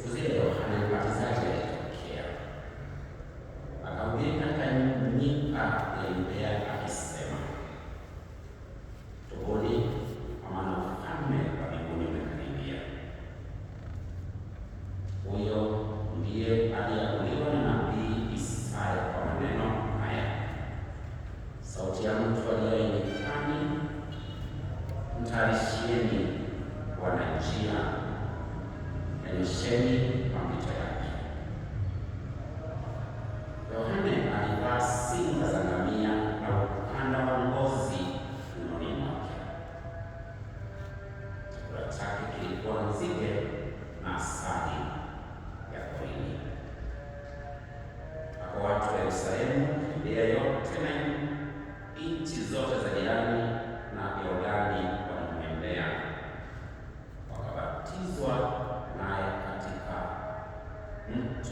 Because televisheni mapito yake. Yohane alivaa singa za ngamia na ukanda wa ngozi mkononi mwake. Chakula chake kilikuwa nzige na asali ya porini. Kwa watu wa Yerusalemu, Yudea yote na nchi zote za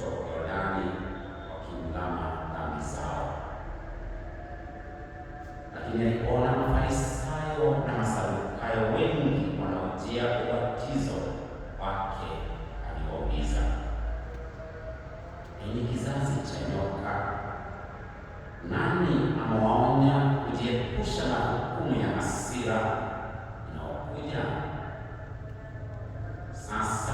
Wakristo wa Yordani wakimlama dhambi zao, lakini alipoona Mafarisayo na Masadukayo wengi wanaojia ubatizo wake, aliwauliza, enyi kizazi cha nyoka, nani amewaonya kujiepusha na hukumu ya hasira inayokuja sasa?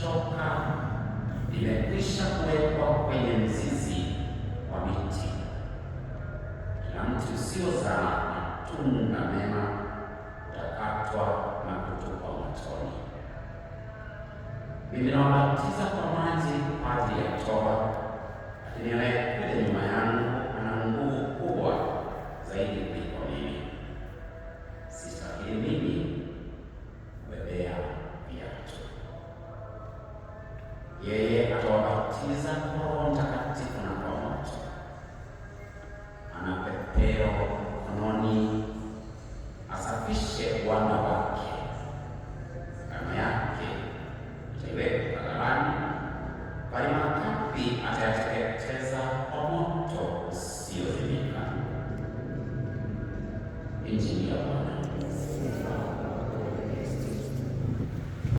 shoka vimekwisha kuwekwa kwenye mzizi wa miti. Kila mti usiozaa matunda mema utakatwa na kutupwa motoni. Mimi nawabatiza kwa maji kwa ajili ya toba, lakini yeye atawabatiza kwa Roho Mtakatifu na kwa moto. Ana pepeo mkononi asafishe wana wake, damu yake itaiweka ghalani, bali makapi atayateketeza kwa moto usiozimika. Injili ya Bwana.